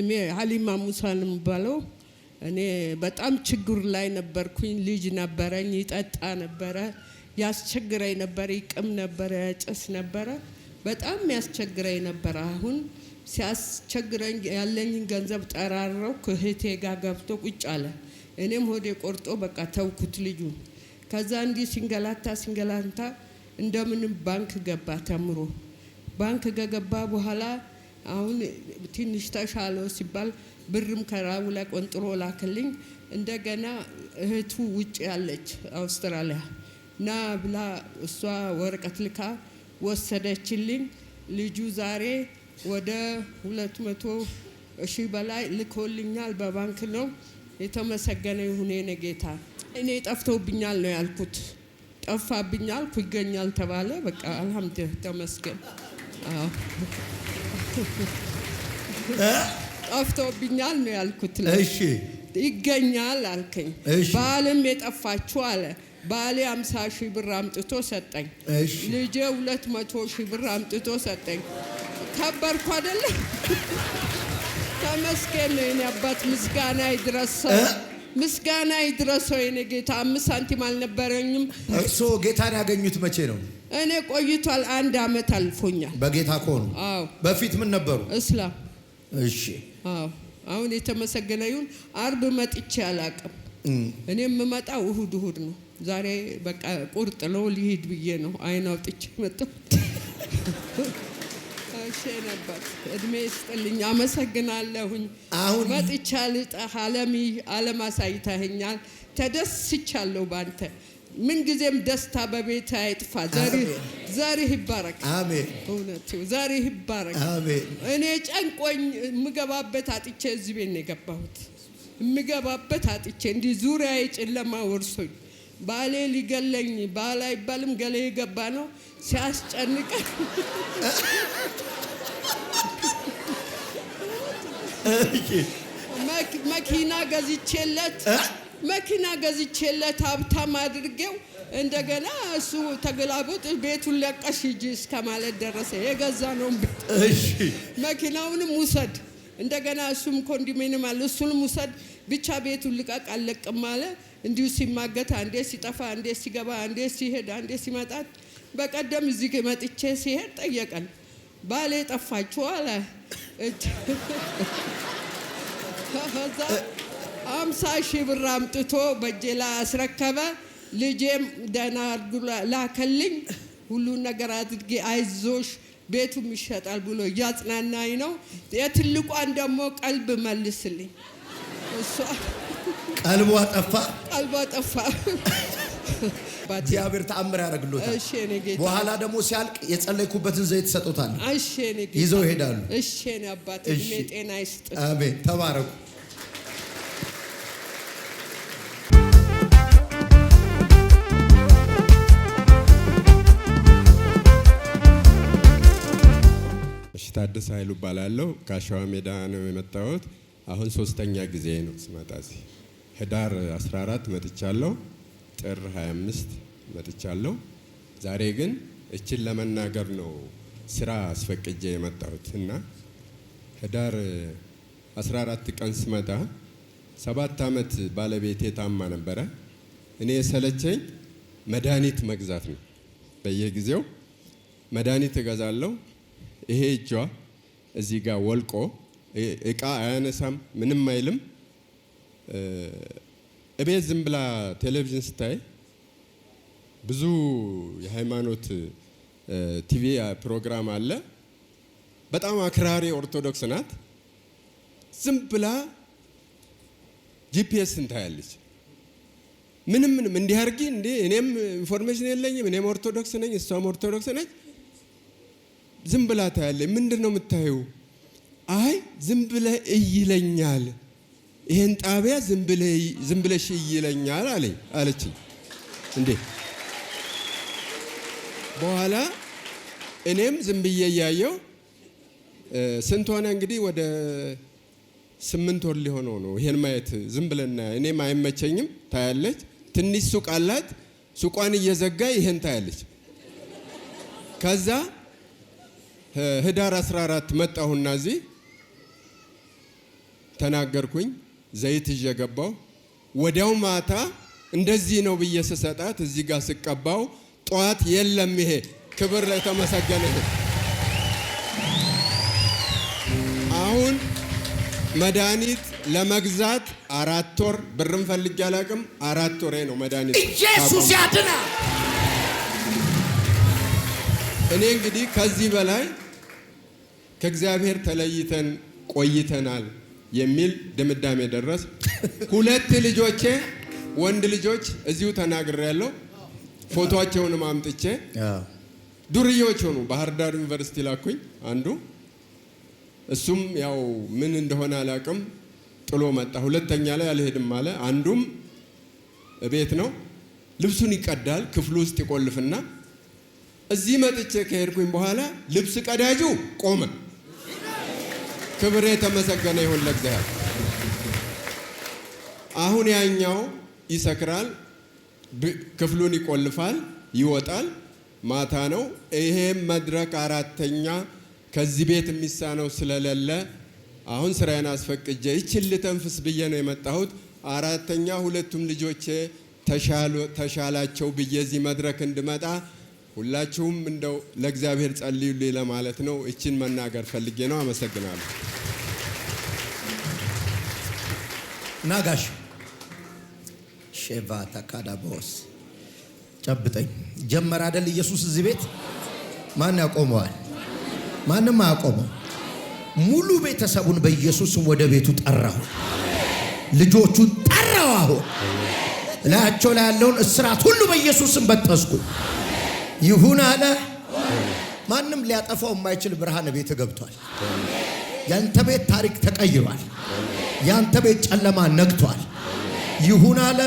ስሜ ሀሊማ ሙሳ ነው የሚባለው። እኔ በጣም ችግር ላይ ነበርኩኝ። ልጅ ነበረኝ፣ ይጠጣ ነበረ፣ ያስቸግረኝ ነበረ፣ ይቅም ነበረ፣ ያጨስ ነበረ። በጣም ያስቸግረኝ ነበረ። አሁን ሲያስቸግረኝ ያለኝን ገንዘብ ጠራረው ክህቴ ጋር ገብቶ ቁጭ አለ። እኔም ሆዴ ቆርጦ በቃ ተውኩት ልጁ። ከዛ እንዲህ ሲንገላታ ሲንገላታ እንደምንም ባንክ ገባ ተምሮ ባንክ ከገባ በኋላ አሁን ትንሽ ተሻለው ሲባል ብርም ከራቡ ላይ ቆንጥሮ ላክልኝ። እንደገና እህቱ ውጭ ያለች አውስትራሊያ ና ብላ እሷ ወረቀት ልካ ወሰደችልኝ። ልጁ ዛሬ ወደ ሁለት መቶ ሺህ በላይ ልኮልኛል። በባንክ ነው። የተመሰገነ ይሁን የኔ ጌታ። እኔ ጠፍቶብኛል ነው ያልኩት። ጠፋብኛል ይገኛል ተባለ። በቃ አልሐምድ ተመስገን። ጠፍቶብኛል ነው ያልኩት። እሺ ይገኛል አልከኝ። በዓለም የጠፋችሁ አለ። ባሌ አምሳ ሺህ ብር አምጥቶ ሰጠኝ። ልጄ ሁለት መቶ ሺህ ብር አምጥቶ ሰጠኝ። ከበርኩ አይደለ? ተመስገን ነው የኔ አባት፣ ምስጋና ይድረሰው። ምስጋና ይድረሶ የኔ ጌታ። አምስት ሳንቲም አልነበረኝም። እርሶ ጌታን ያገኙት መቼ ነው? እኔ ቆይቷል፣ አንድ አመት አልፎኛል። በጌታ ከሆኑ በፊት ምን ነበሩ? እስላም። እሺ። አዎ። አሁን የተመሰገነ ይሁን። አርብ መጥቼ አላቅም። እኔ የምመጣው እሁድ እሁድ ነው። ዛሬ በቃ ቁርጥ ነው፣ ሊሄድ ብዬ ነው። አይን አውጥቼ ረስቼ ነበር። እድሜ ስጥልኝ፣ አመሰግናለሁኝ። አሁን መጥቻለሁ። አለም አለም አሳይተኸኛል። ተደስቻለሁ ባንተ። ምንጊዜም ደስታ በቤት አይጥፋ። ዘርህ ይባረክ። እውነት ዘርህ ይባረክ። እኔ ጨንቆኝ የምገባበት አጥቼ እዚህ ቤት ነው የገባሁት። የምገባበት አጥቼ እንዲህ ዙሪያ ጨለማ ወርሶኝ ባሌ ሊገለኝ ባል አይባልም ገሌ የገባ ነው ሲያስጨንቀ መኪና ገዝቼለት መኪና ገዝቼለት ሀብታም አድርጌው እንደገና እሱ ተገላቦጥ ቤቱን ለቀሽ ሂጂ እስከ ማለት ደረሰ። የገዛ ነው ቤት መኪናውንም ውሰድ፣ እንደገና እሱም ኮንዶሚኒየም አለ እሱንም ውሰድ፣ ብቻ ቤቱን ልቀቅ አለቅም ማለት እንዲሁ ሲማገት አንዴ ሲጠፋ፣ አንዴ ሲገባ፣ አንዴ ሲሄድ፣ አንዴ ሲመጣ። በቀደም እዚህ መጥቼ ሲሄድ ጠየቀን። ባሌ ጠፋችሁ አለ። ከዛ አምሳ ሺህ ብር አምጥቶ በእጄ ላይ አስረከበ። ልጄም ደህና አድርጉ ላከልኝ። ሁሉን ነገር አድርጌ አይዞሽ ቤቱም ይሸጣል ብሎ እያጽናናኝ ነው። የትልቋን ደግሞ ቀልብ መልስልኝ እሷ ቀልቧ ጠፋ፣ ቀልቧ ጠፋ። እግዚአብሔር ተአምር ያደርግሎታል። በኋላ ደግሞ ሲያልቅ የጸለይኩበትን ዘይት ሰጦታል፣ ይዘው ይሄዳሉ። ጤና ይስጥ። አሜን። ተባረኩ። ታደሰ ኃይሉ እባላለሁ። ከአሸዋ ሜዳ ነው የመጣሁት። አሁን ሶስተኛ ጊዜ ነው ስመጣ እዚህ ህዳር 14 መጥቻለሁ፣ ጥር 25 መጥቻለሁ። ዛሬ ግን እችን ለመናገር ነው ስራ አስፈቅጄ የመጣሁት እና ህዳር 14 ቀን ስመጣ ሰባት ዓመት ባለቤቴ ታማ ነበረ። እኔ የሰለቸኝ መድኃኒት መግዛት ነው። በየጊዜው መድኃኒት እገዛለሁ። ይሄ እጇ እዚህ ጋር ወልቆ እቃ አያነሳም፣ ምንም አይልም። እቤት ዝም ብላ ቴሌቪዥን ስታይ ብዙ የሃይማኖት ቲቪ ፕሮግራም አለ። በጣም አክራሪ ኦርቶዶክስ ናት። ዝም ብላ ጂፒኤስ እንታያለች። ምንም ምንም እንዲህ አድርጊ እንዴ፣ እኔም ኢንፎርሜሽን የለኝም። እኔም ኦርቶዶክስ ነኝ፣ እሷም ኦርቶዶክስ ነች። ዝም ብላ ታያለች። ምንድን ነው የምታየው? አይ ዝም ብለህ እይለኛል ይሄን ጣቢያ ዝም ብለሽ ይለኛል አለ አለችኝ። እንዴ በኋላ እኔም ዝም ብዬ እያየው ስንት ሆነ እንግዲህ ወደ ስምንት ወር ሊሆነው ነው። ይሄን ማየት ዝም ብለና እኔም አይመቸኝም። ታያለች፣ ትንሽ ሱቅ አላት። ሱቋን እየዘጋ ይሄን ታያለች። ከዛ ህዳር 14 መጣሁና እዚህ ተናገርኩኝ። ዘይት ይዤ ገባው። ወዲያው ማታ እንደዚህ ነው ብዬ ስሰጣት እዚህ ጋር ስቀባው ጠዋት የለም። ይሄ ክብር የተመሰገነ አሁን መድኃኒት ለመግዛት አራት ወር ብርም ፈልጌ አላቅም። አራት ወሬ ነው መድኃኒት ኢየሱስ ያድና። እኔ እንግዲህ ከዚህ በላይ ከእግዚአብሔር ተለይተን ቆይተናል። የሚል ድምዳሜ ደረስ። ሁለት ልጆቼ ወንድ ልጆች እዚሁ ተናግሬ ያለው ፎቶቸውንም አምጥቼ ዱርዬዎች ሆኑ። ባህር ዳር ዩኒቨርሲቲ ላኩኝ አንዱ እሱም ያው ምን እንደሆነ አላቅም ጥሎ መጣ። ሁለተኛ ላይ አልሄድም አለ። አንዱም ቤት ነው ልብሱን ይቀዳል ክፍሉ ውስጥ ይቆልፍና እዚህ መጥቼ ከሄድኩኝ በኋላ ልብስ ቀዳጁ ቆመ። ክብር የተመሰገነ ይሁን ለእግዚአብሔር። አሁን ያኛው ይሰክራል፣ ክፍሉን ይቆልፋል፣ ይወጣል። ማታ ነው። ይሄም መድረክ አራተኛ ከዚህ ቤት የሚሳነው ስለሌለ አሁን ስራዬን አስፈቅጄ ይችን ልተንፍስ ብዬ ነው የመጣሁት። አራተኛ ሁለቱም ልጆቼ ተሻላቸው ብዬ እዚህ መድረክ እንድመጣ ሁላችሁም እንደው ለእግዚአብሔር ጸልዩልኝ ለማለት ነው። እችን መናገር ፈልጌ ነው። አመሰግናለሁ። ናጋሽ ሼቫ ታካዳ ቦስ ጨብጠኝ ጀመር አደል ኢየሱስ እዚህ ቤት ማን ያቆመዋል? ማንም አያቆመው። ሙሉ ቤተሰቡን በኢየሱስም ወደ ቤቱ ጠራሁ። ልጆቹን ጠራው። አሁን እላያቸው ላይ ያለውን እስራት ሁሉ በኢየሱስም በጠስኩ። ይሁን አለ። ማንም ሊያጠፋው የማይችል ብርሃን ቤት ገብቷል። ያንተ ቤት ታሪክ ተቀይሯል። ያንተ ቤት ጨለማ ነግቷል። ይሁን አለ።